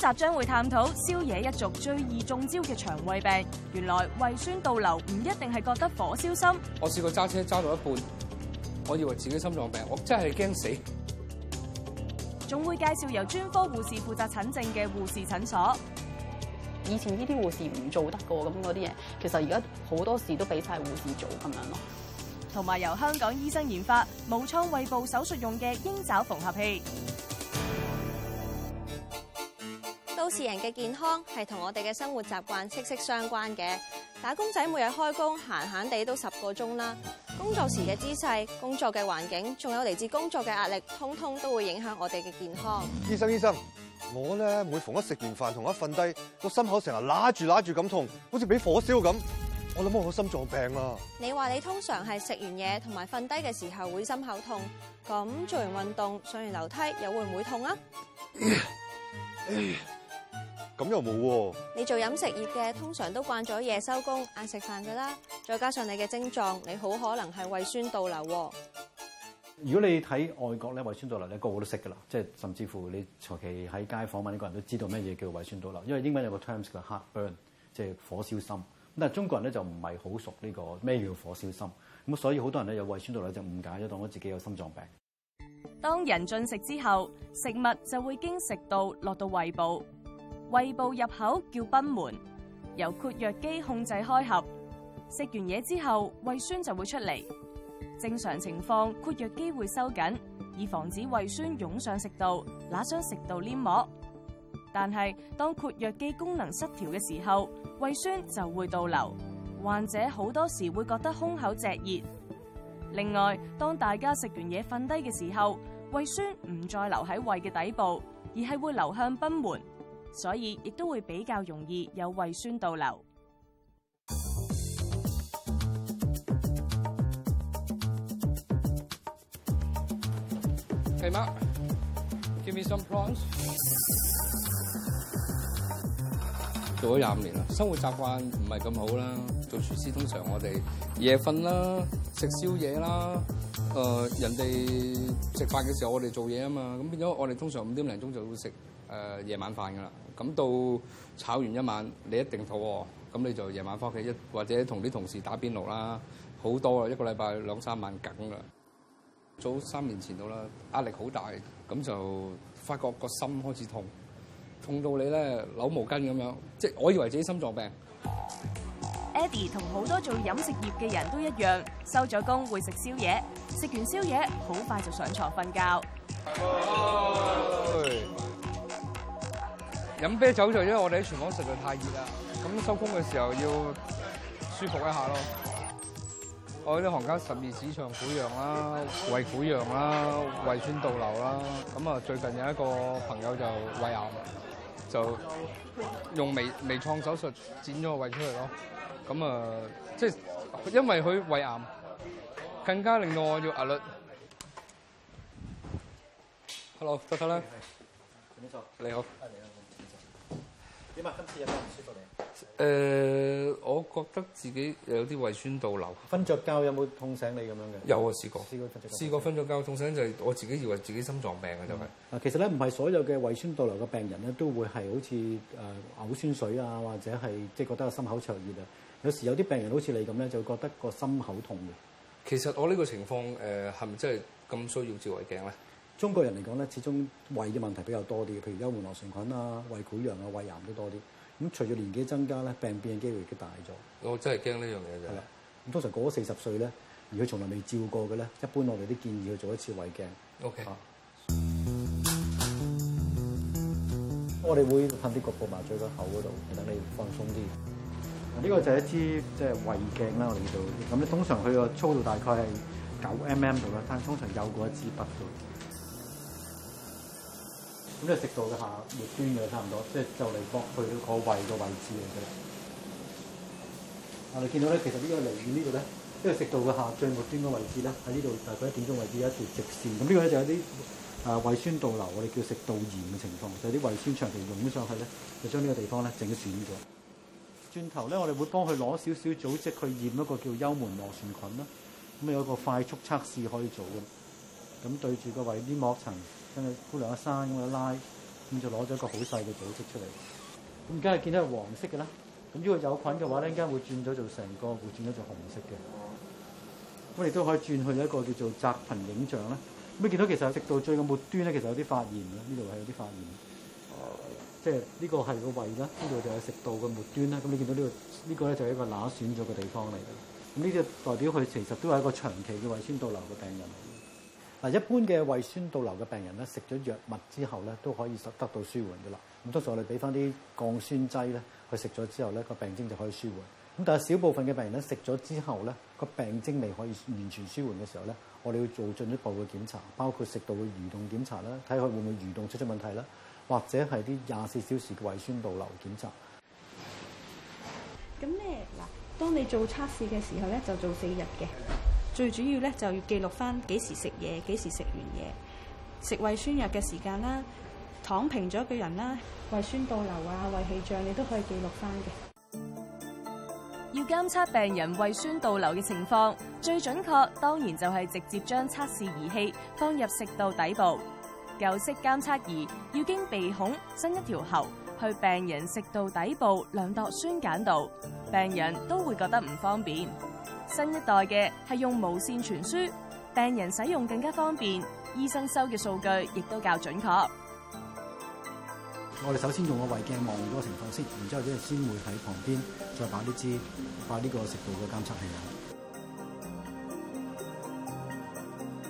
今集將會探討宵夜一族最易中招嘅腸胃病，原來胃酸倒流唔一定係覺得火燒心。我試過揸車揸到一半，我以為自己心臟病，我真係驚死。仲會介紹由專科護士負責診症嘅護士診所。以前呢啲護士唔做得過咁嗰啲嘢，其實而家好多事都俾晒護士做咁樣咯。同埋由香港醫生研發無創胃部手術用嘅鷹爪縫合器。都市人嘅健康係同我哋嘅生活習慣息息相關嘅。打工仔每日開工閒閒地都十個鐘啦，工作時嘅姿勢、工作嘅環境，仲有嚟自工作嘅壓力，通通都會影響我哋嘅健康。醫生，醫生，我呢每逢一食完飯同一瞓低，個心口成日拉住拉住咁痛，好似俾火燒咁。我諗我個心臟病啊。你話你通常係食完嘢同埋瞓低嘅時候會心口痛，咁做完運動上完樓梯又會唔會痛啊？ 咁又冇喎、啊。你做飲食業嘅，通常都慣咗夜收工，晏食飯噶啦。再加上你嘅症狀，你好可能係胃，、啊、胃酸倒流。如果你睇外國咧，胃酸倒流咧，個個都識噶啦。即係甚至乎你求其喺街訪問，呢個人都知道咩嘢叫胃酸倒流。因為英文有一個 terms 叫 heartburn，即係火燒心。咁但係中國人咧就唔係好熟呢個咩叫火燒心咁，所以好多人咧有胃酸倒流就誤解咗，當我自己有心臟病。當人進食之後，食物就會經食道落到胃部。胃部入口叫賁門，由括約肌控制開合。食完嘢之後，胃酸就會出嚟。正常情況，括約肌會收緊，以防止胃酸湧上食道，那傷食道黏膜。但係當括約肌功能失調嘅時候，胃酸就會倒流，患者好多時會覺得胸口炙熱。另外，當大家食完嘢瞓低嘅時候，胃酸唔再留喺胃嘅底部，而係會流向賁門。所以亦都會比較容易有胃酸倒流。係嗎？Give me some problems。做咗廿五年啦，生活習慣唔係咁好啦。做廚師通常我哋夜瞓啦，食宵夜啦。誒，人哋食飯嘅時候我哋做嘢啊嘛，咁變咗我哋通常五點零鐘就會食。誒，夜晚飯㗎啦，咁到炒完一晚，你一定肚餓，咁你就夜晚翻屋企一或者同啲同事打邊爐啦，好多啦一個禮拜兩三晚梗啦。早三年前到啦，壓力好大，咁就發覺個心開始痛，痛到你咧扭毛巾咁樣，即係我以為自己心臟病。Eddie 同好多做飲食業嘅人都一樣，收咗工會食宵夜，食完宵夜好快就上床瞓覺。Oh. 飲啤酒就因為我哋喺廚房實在太熱啦，咁收工嘅時候要舒服一下咯。我啲行家十二指腸潰瘍啦、胃潰瘍啦、胃酸倒流啦，咁啊最近有一個朋友就胃癌，就用微微創手術剪咗個胃出嚟咯。咁啊、呃，即係因為佢胃癌，更加令到我要壓力。Hello，得得啦，陳你好。你好。點啊？今次有咩唔舒服你誒、呃，我覺得自己有啲胃酸倒流。瞓着覺有冇痛醒你咁樣嘅？有，我試過，試過瞓著覺痛醒，痛醒就係、是、我自己以為自己心臟病嘅，嗯、就係、是。啊，其實咧唔係所有嘅胃酸倒流嘅病人咧都會係好似誒嘔酸水啊，或者係即係覺得個心口灼熱啊。有時有啲病人好似你咁咧，就覺得個心口痛嘅。其實我呢個情況誒，係、呃、咪真係咁需要照胃鏡咧？中國人嚟講咧，始終胃嘅問題比較多啲，譬如幽門螺旋菌啊、胃潰瘍啊、胃癌都多啲。咁隨住年紀增加咧，病變嘅機會亦都大咗。我真係驚呢樣嘢就係咁。通常過咗四十歲咧，如果從來未照過嘅咧，一般我哋都建議去做一次胃鏡。OK，啊，我哋會噴啲局部麻醉喺口嗰度，等你放鬆啲。呢個就一支即係胃鏡啦，我哋叫咁，你通常佢個粗度大概係九 m m 度啦，但係通常有過一支筆度。咁即係食道嘅下末端嘅差唔多，即係就嚟駁去到個胃嘅位置嚟嘅。我哋見到咧，其實、這個這個、呢、這個離遠呢度咧，呢個食道嘅下最末端嘅位置咧，喺呢度大概一點鐘位置有一條直線。咁、嗯、呢、這個咧就有啲啊胃酸倒流，我哋叫食道炎嘅情況，就係、是、啲胃酸長期湧上去咧，就將呢個地方咧整損咗。轉頭咧，我哋會幫佢攞少少組織去驗一個叫幽門螺旋菌啦。咁有一個快速測試可以做嘅。咁對住個胃黏膜層。姑娘一聲咁樣拉，咁就攞咗一個好細嘅組織出嚟。咁而家係見到係黃色嘅啦。咁如果有菌嘅話咧，應該會轉咗做成個，會轉咗做紅色嘅。咁你都可以轉去一個叫做窄頻影像啦。咁你見到其實食道最嘅末端咧，其實有啲發炎嘅，呢度係有啲發炎。即係呢個係個胃啦，呢度就係食道嘅末端啦。咁你見到呢、呢個呢個咧，就係一個揦損咗嘅地方嚟。咁呢啲代表佢其實都係一個長期嘅胃酸倒流嘅病人。嗱，一般嘅胃酸倒流嘅病人咧，食咗藥物之後咧，都可以得到舒緩噶啦。咁通常我哋俾翻啲降酸劑咧，佢食咗之後咧，個病徵就可以舒緩。咁但係少部分嘅病人咧，食咗之後咧，個病徵未可以完全舒緩嘅時候咧，我哋要做進一步嘅檢查，包括食道嘅蠕動檢查啦，睇佢會唔會蠕動出咗問題啦，或者係啲廿四小時嘅胃酸倒流檢查。咁咧，嗱，當你做測試嘅時候咧，就做四日嘅。最主要咧就要記錄翻幾時食嘢，幾時食完嘢，食胃酸藥嘅時間啦，躺平咗嘅人啦，胃酸倒流啊，胃氣脹你都可以記錄翻嘅。要監測病人胃酸倒流嘅情況，最準確當然就係直接將測試儀器放入食道底部。舊式監測儀要經鼻孔伸一條喉去病人食道底部量度酸鹼度，病人都會覺得唔方便。新一代嘅係用無線傳輸，病人使用更加方便，醫生收嘅數據亦都較準確。我哋首先用個胃鏡望嗰個情況先，然之後先會喺旁邊再把呢支擺呢個食道嘅監測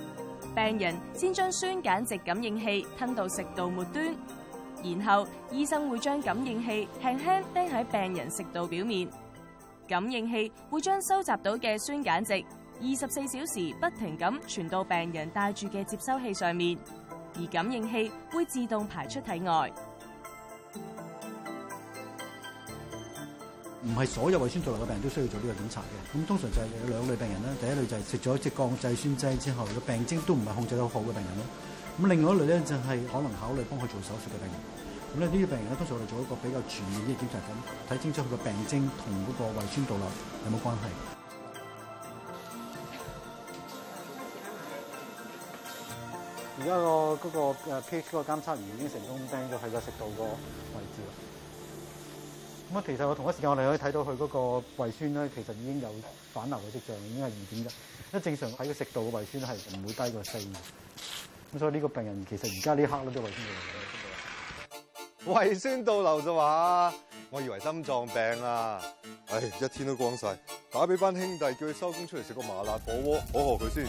器。病人先將酸鹼值感應器吞到食道末端，然後醫生會將感應器輕輕釘喺病人食道表面。感應器會將收集到嘅酸鹼值，二十四小時不停咁傳到病人戴住嘅接收器上面，而感應器會自動排出體外。唔係所有胃酸倒流嘅病人都需要做呢個檢查嘅，咁通常就係有兩類病人啦，第一類就係食咗一隻降制酸劑之後，個病徵都唔係控制得好好嘅病人囉，咁另外一類咧就係可能考慮幫佢做手術嘅病人。咁呢啲病人咧，通常我哋做一個比較全面嘅檢查咁，睇清楚佢個病徵同嗰個胃酸倒流有冇關係。而家個嗰個 PH 嗰個監測儀已經成功釘咗喺個食道個位置啦。咁啊，其實我同一時間我哋可以睇到佢嗰個胃酸咧，其實已經有反流嘅跡象，已經係二點一。因為正常喺個食道嘅胃酸係唔會低過四。咁所以呢個病人其實而家呢刻咧都都胃酸倒流。胃酸倒流就話，我以為心臟病啊，唉，一天都光晒，打俾班兄弟叫佢收工出嚟食個麻辣火鍋，我賀佢先。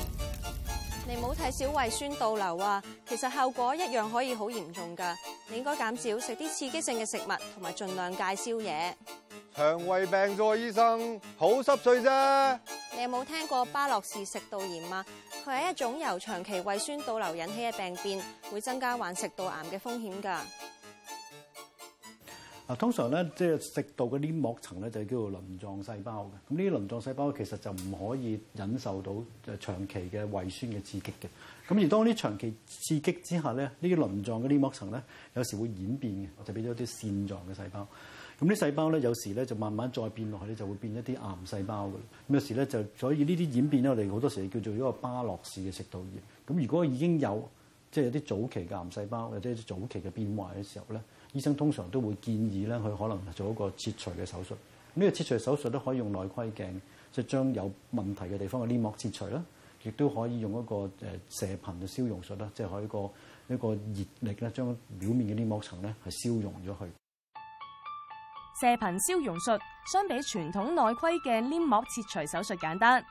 你唔好睇小胃酸倒流啊，其實後果一樣可以好嚴重噶。你應該減少食啲刺激性嘅食物，同埋盡量戒宵夜。腸胃病啫，醫生好濕碎啫。你有冇聽過巴洛氏食道炎啊？佢係一種由長期胃酸倒流引起嘅病變，會增加患食道癌嘅風險噶。嗱，通常咧，即係食道嘅黏膜層咧，就叫做鱗狀細胞嘅。咁呢啲鱗狀細胞其實就唔可以忍受到誒長期嘅胃酸嘅刺激嘅。咁而當啲長期刺激之下咧，呢啲鱗狀嘅黏膜層咧，有時會演變嘅，就變咗啲腺狀嘅細胞。咁啲細胞咧，有時咧就慢慢再變落去咧，就會變一啲癌細胞㗎。咁有時咧就所以這些呢啲演變咧，我哋好多時候叫做一個巴洛氏嘅食道炎。咁如果已經有即係有啲早期嘅癌細胞或者早期嘅變壞嘅時候咧。醫生通常都會建議咧，佢可能做一個切除嘅手術。呢個切除手術都可以用內窺鏡，即係將有問題嘅地方嘅黏膜切除啦，亦都可以用一個誒射頻嘅消融術啦，即係可以個熱力咧將表面嘅黏膜層咧係消融咗去。射頻消融術相比傳統內窺鏡黏膜切除手術簡單，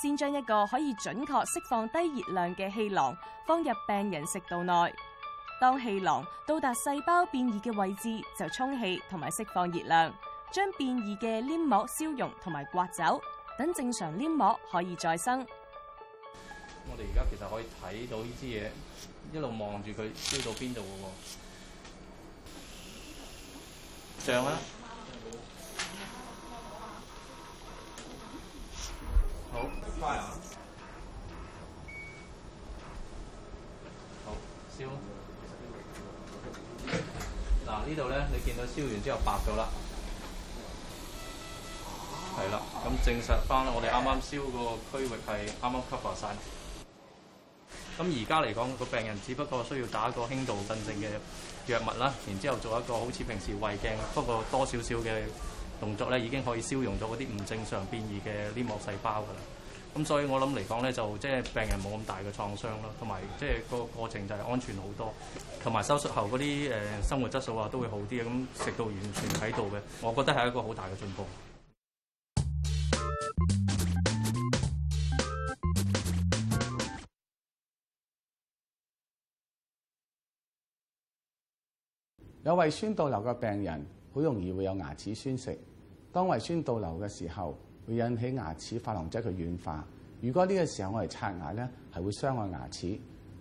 先將一個可以準確釋放低熱量嘅氣囊放入病人食道內。當氣囊到達細胞變異嘅位置，就充氣同埋釋放熱量，將變異嘅黏膜消融同埋刮走，等正常黏膜可以再生。我哋而家其實可以睇到呢啲嘢，一路望住佢燒到邊度嘅喎，正、啊，好快啊，好燒、啊。嗱，這裏呢度咧，你見到燒完之後白咗啦，係啦，咁證實翻啦，我哋啱啱燒個區域係啱啱吸收曬。咁而家嚟講，個病人只不過需要打一個輕度鎮靜嘅藥物啦，然之後做一個好似平時胃鏡，不過多少少嘅動作咧，已經可以消融咗嗰啲唔正常變異嘅黏膜細胞噶啦。咁所以我諗嚟講咧，就即係病人冇咁大嘅創傷咯，同埋即係個過程就係安全好多，同埋手術後嗰啲誒生活質素啊都會好啲啊，咁食到完全喺度嘅，我覺得係一個好大嘅進步。有胃酸倒流嘅病人，好容易會有牙齒酸蝕，當胃酸倒流嘅時候，會引起牙齒琺瑯質嘅軟化。如果呢個時候我哋刷牙咧，係會傷害牙齒。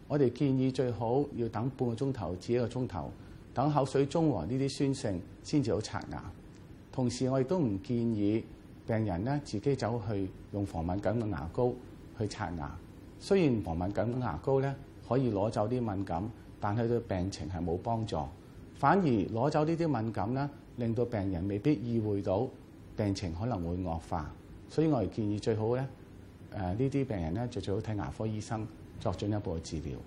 我哋建議最好要等半個鐘頭至一個鐘頭，等口水中和呢啲酸性先至好刷牙。同時我亦都唔建議病人咧自己走去用防敏感嘅牙膏去刷牙。雖然防敏感嘅牙膏咧可以攞走啲敏感，但係對病情係冇幫助，反而攞走呢啲敏感咧，令到病人未必意會到。病情可能會惡化，所以我哋建議最好咧，誒呢啲病人咧就最好睇牙科醫生作進一步嘅治療。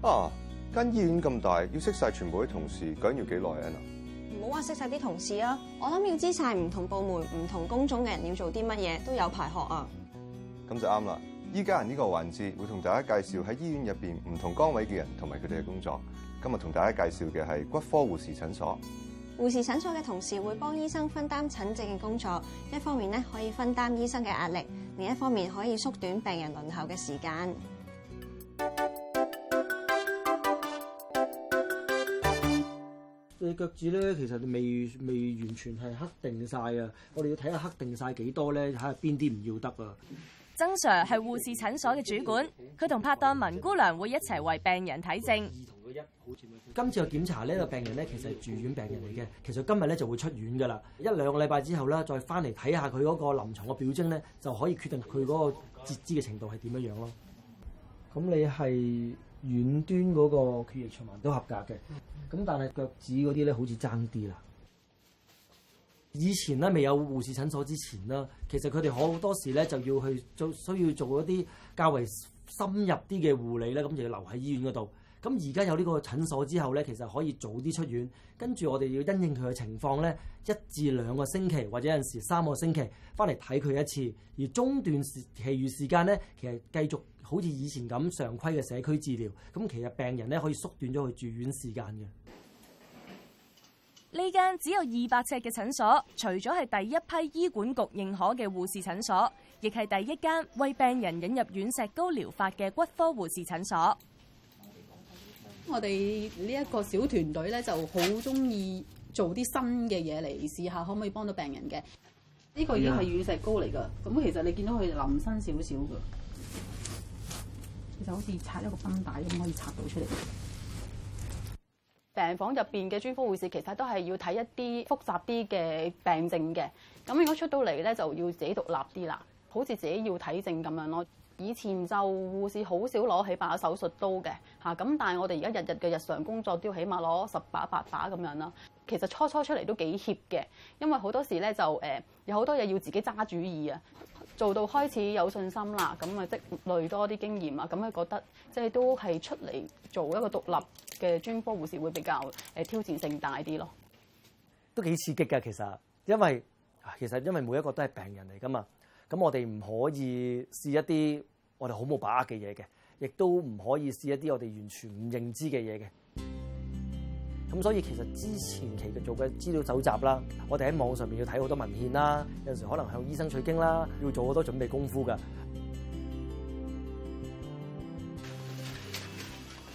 啊，間醫院咁大，要識晒全部啲同事，究竟要幾耐啊？唔好話識晒啲同事啊，我諗要知晒唔同部門、唔同工種嘅人要做啲乜嘢，都有排學啊。咁就啱啦。依家人呢個環節，會同大家介紹喺醫院入邊唔同崗位嘅人同埋佢哋嘅工作。今日同大家介紹嘅係骨科護士診所。護士診所嘅同事會幫醫生分擔診症嘅工作，一方面咧可以分擔醫生嘅壓力，另一方面可以縮短病人輪候嘅時間。對腳趾咧，其實未未完全係黑定晒啊！我哋要睇下黑定晒幾多咧，睇下邊啲唔要得啊！曾 sir 係護士診所嘅主管，佢同拍檔文姑娘會一齊為病人睇症。今次嘅檢查呢個病人咧，其實係住院病人嚟嘅，其實今日咧就會出院噶啦，一兩個禮拜之後咧再翻嚟睇下佢嗰個臨牀嘅表徵咧，就可以決定佢嗰個截肢嘅程度係點樣樣咯。咁你係遠端嗰個血液循環都合格嘅，咁但係腳趾嗰啲咧好似爭啲啦。以前咧未有護士診所之前啦，其實佢哋好多時咧就要去做需要做一啲較為深入啲嘅護理咧，咁就要留喺醫院嗰度。咁而家有呢個診所之後咧，其實可以早啲出院，跟住我哋要因應佢嘅情況咧，一至兩個星期或者有陣時三個星期翻嚟睇佢一次，而中段時其餘時間咧，其實繼續好似以前咁常規嘅社區治療。咁其實病人咧可以縮短咗佢住院時間嘅。呢間只有二百尺嘅診所，除咗係第一批醫管局認可嘅護士診所，亦係第一間為病人引入軟石膏療法嘅骨科護士診所。我哋呢一個小團隊咧，就好中意做啲新嘅嘢嚟試下，可唔可以幫到病人嘅？呢、嗯、個已經係軟石膏嚟噶，咁其實你見到佢淋身少少其實就好似拆一個繃帶咁，可以拆到出嚟。病房入邊嘅專科護士，其實都係要睇一啲複雜啲嘅病症嘅。咁如果出到嚟咧，就要自己獨立啲啦，好似自己要睇症咁樣咯。以前就護士好少攞起把手術刀嘅，嚇、啊、咁。但係我哋而家日日嘅日常工作，都要起碼攞十把八把咁樣啦。其實初初出嚟都幾怯嘅，因為好多時咧就誒、呃、有好多嘢要自己揸主意啊。做到開始有信心啦，咁啊積累多啲經驗啊，咁啊覺得即係都係出嚟做一個獨立嘅專科護士會比較誒挑戰性大啲咯。都幾刺激㗎，其實，因為其實因為每一個都係病人嚟㗎嘛，咁我哋唔可以試一啲我哋好冇把握嘅嘢嘅，亦都唔可以試一啲我哋完全唔認知嘅嘢嘅。咁所以其實之前期嘅做嘅資料搜集啦，我哋喺網上面要睇好多文獻啦，有陣時可能向醫生取經啦，要做好多準備功夫嘅。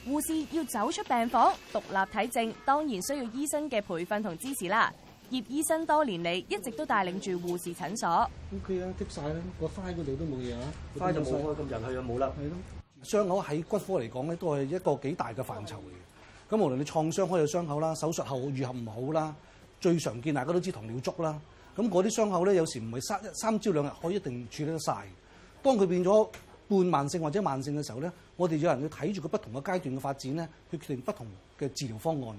護士要走出病房，獨立睇症，當然需要醫生嘅培訓同支持啦。葉醫生多年嚟一直都帶領住護士診所，那他了。O K 啦，剔晒啦，個花嗰度都冇嘢啊，花就冇開咁，人去啊，冇落去咯。傷口喺骨科嚟講咧，都係一個幾大嘅範疇嚟嘅。咁，無論你創傷開咗傷口啦，手術後愈合唔好啦，最常見大家都知糖尿足啦。咁嗰啲傷口咧，有時唔係三三朝兩日可以一定處理得晒。當佢變咗半慢性或者慢性嘅時候咧，我哋有人要睇住佢不同嘅階段嘅發展咧，去決定不同嘅治療方案。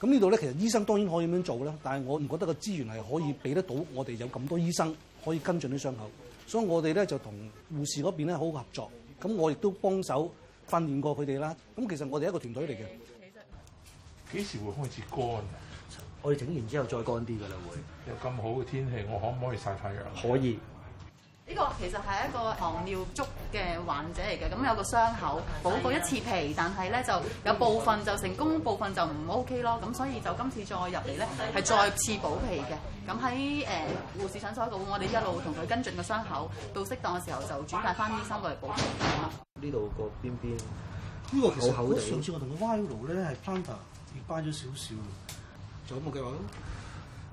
咁呢度咧，其實醫生當然可以咁樣做啦，但係我唔覺得個資源係可以俾得到。我哋有咁多醫生可以跟進啲傷口，所以我哋咧就同護士嗰邊咧好好合作。咁我亦都幫手訓練過佢哋啦。咁其實我哋係一個團隊嚟嘅。幾時會開始乾啊？我哋整完之後再乾啲㗎啦，會。有咁好嘅天氣，我可唔可以曬太陽？可以。呢個其實係一個糖尿足嘅患者嚟嘅，咁有個傷口，補過一次皮，但係咧就有部分就成功，部分就唔 OK 咯。咁所以就今次再入嚟咧，係再次補皮嘅。咁喺誒護士診所度，我哋一路同佢跟進個傷口，到適當嘅時候就轉介翻醫生過嚟補皮。呢度個邊邊，呢個其實好上次我同個 y o l 咧係翻跌翻咗少少，就咁嘅計劃咯。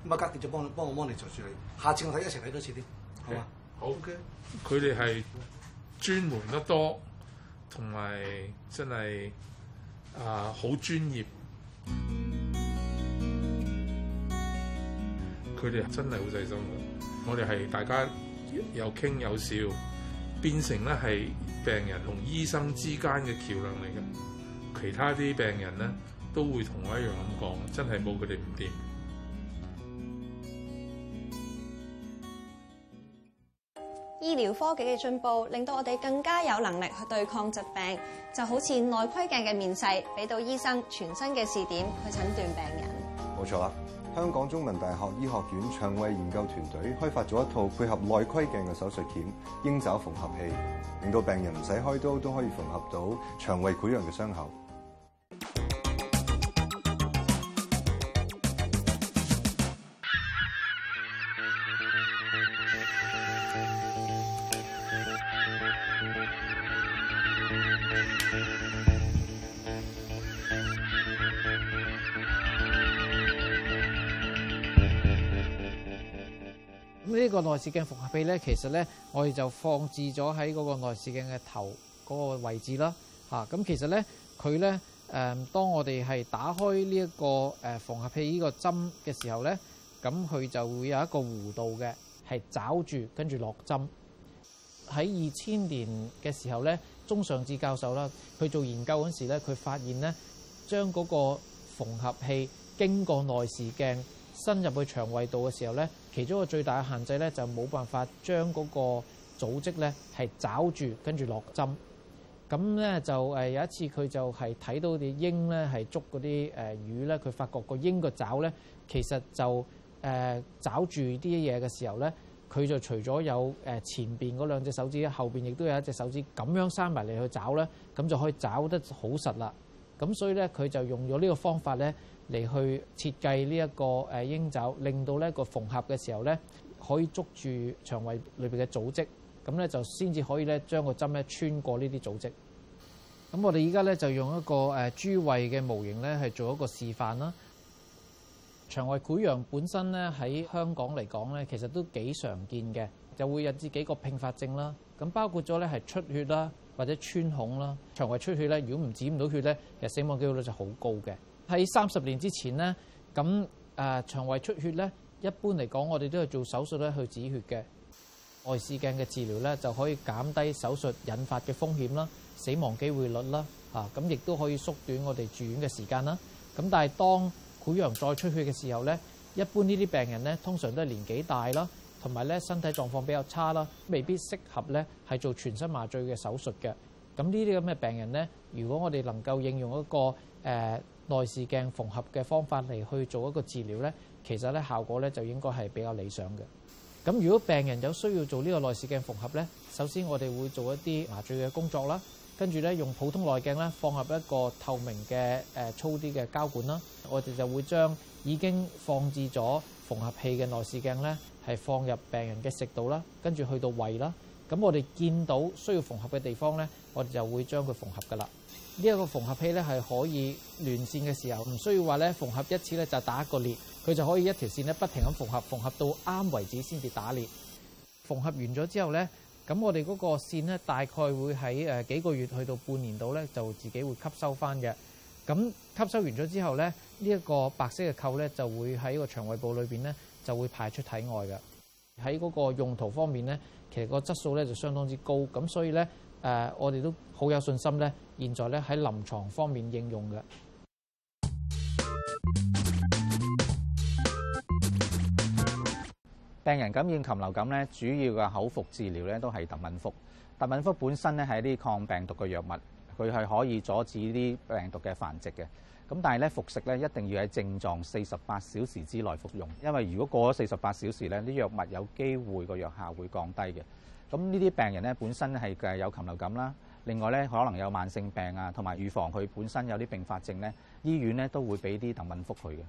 咁啊，格傑就幫就幫，幫我幫你坐住，你下次我睇一齊睇多次啲，好嘛？Okay. 好。佢哋係專門得多，同埋真係啊好專業。佢哋 真係好細心嘅。我哋係大家有傾有笑，變成咧係病人同醫生之間嘅橋梁嚟嘅。其他啲病人咧。都會同我一樣咁講，真係冇佢哋唔掂。醫療科技嘅進步令到我哋更加有能力去對抗疾病，就好似內窺鏡嘅面世，俾到醫生全新嘅視點去診斷病人。冇錯啦，香港中文大學醫學院腸胃研究團隊開發咗一套配合內窺鏡嘅手術鉗——鷹爪縫合器，令到病人唔使開刀都可以縫合到腸胃潰瘍嘅傷口。呢個內視鏡縫合器呢，其實呢，我哋就放置咗喺嗰個內視鏡嘅頭嗰個位置啦。嚇，咁其實呢，佢呢，誒，當我哋係打開呢一個誒縫合器呢個針嘅時候呢，咁佢就會有一個弧度嘅，係找住跟住落針。喺二千年嘅時候呢，鍾尚志教授啦，佢做研究嗰時呢，佢發現呢，將嗰個縫合器經過內視鏡。伸入去腸胃道嘅時候呢，其中一個最大嘅限制呢，就冇辦法將嗰個組織呢係抓住，跟住落針。咁呢，就誒有一次佢就係睇到啲鷹呢係捉嗰啲誒魚呢，佢發覺個鷹個爪呢，其實就誒、呃、抓住啲嘢嘅時候呢，佢就除咗有誒前邊嗰兩隻手指，後邊亦都有一隻手指咁樣生埋嚟去抓呢，咁就可以抓得好實啦。咁所以呢，佢就用咗呢個方法呢。嚟去設計呢一個誒鷹爪，令到呢個縫合嘅時候呢，可以捉住腸胃裏邊嘅組織，咁呢，就先至可以呢將個針呢穿過呢啲組織。咁我哋依家呢，就用一個誒豬胃嘅模型呢係做一個示範啦。腸胃潰瘍本身呢，喺香港嚟講呢，其實都幾常見嘅，就會引致幾個併發症啦。咁包括咗呢係出血啦，或者穿孔啦。腸胃出血呢，如果唔止唔到血呢，其實死亡機率就好高嘅。喺三十年之前呢，咁誒腸胃出血呢，一般嚟講我哋都係做手術咧去止血嘅。內視鏡嘅治療呢，就可以減低手術引發嘅風險啦、死亡機會率啦。啊，咁亦都可以縮短我哋住院嘅時間啦。咁但係當潰瘍再出血嘅時候呢，一般呢啲病人呢，通常都係年紀大啦，同埋呢身體狀況比較差啦，未必適合呢係做全身麻醉嘅手術嘅。咁呢啲咁嘅病人呢，如果我哋能夠應用一個誒。呃內視鏡縫合嘅方法嚟去做一個治療呢，其實呢效果呢就應該係比較理想嘅。咁如果病人有需要做呢個內視鏡縫合呢，首先我哋會做一啲麻醉嘅工作啦，跟住呢用普通內鏡呢放入一個透明嘅誒粗啲嘅膠管啦，我哋就會將已經放置咗縫合器嘅內視鏡呢係放入病人嘅食道啦，跟住去到胃啦，咁我哋見到需要縫合嘅地方呢，我哋就會將佢縫合㗎喇。呢一個縫合器咧係可以連線嘅時候，唔需要話咧縫合一次咧就打一個裂，佢就可以一條線咧不停咁縫合，縫合到啱為止先至打裂。縫合完咗之後咧，咁我哋嗰個線咧大概會喺誒幾個月去到半年度咧就自己會吸收翻嘅。咁吸收完咗之後咧，呢一個白色嘅扣咧就會喺個腸胃部裏邊咧就會排出體外嘅。喺嗰個用途方面咧，其實個質素咧就相當之高，咁所以咧。呃、我哋都好有信心咧，現在咧喺臨床方面應用嘅。病人感染禽流感咧，主要嘅口服治療咧都係特敏福。特敏福本身咧係啲抗病毒嘅藥物，佢係可以阻止啲病毒嘅繁殖嘅。咁但係咧服食咧一定要喺症狀四十八小時之內服用，因為如果過咗四十八小時咧，啲藥物有機會個藥效會降低嘅。咁呢啲病人咧，本身係係誒有禽流感啦。另外咧，可能有慢性病啊，同埋預防佢本身有啲併發症咧，醫院咧都會俾啲特敏福佢嘅。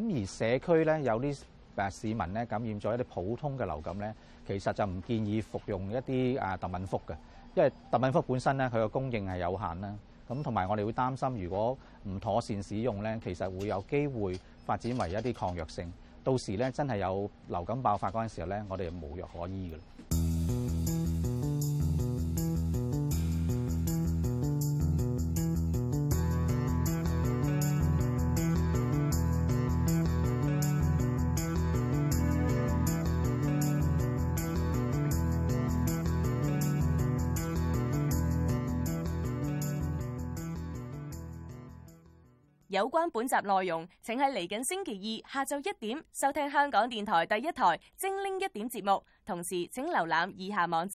咁而社區咧有啲誒市民咧感染咗一啲普通嘅流感咧，其實就唔建議服用一啲啊特敏福嘅，因為特敏福本身咧佢嘅供應係有限啦。咁同埋我哋會擔心，如果唔妥善使用咧，其實會有機會發展為一啲抗藥性。到時咧真係有流感爆發嗰陣時候咧，我哋就無藥可醫嘅啦。有關本集內容，請喺嚟緊星期二下晝一點收聽香港電台第一台《精靈一點》節目，同時請瀏覽以下網站。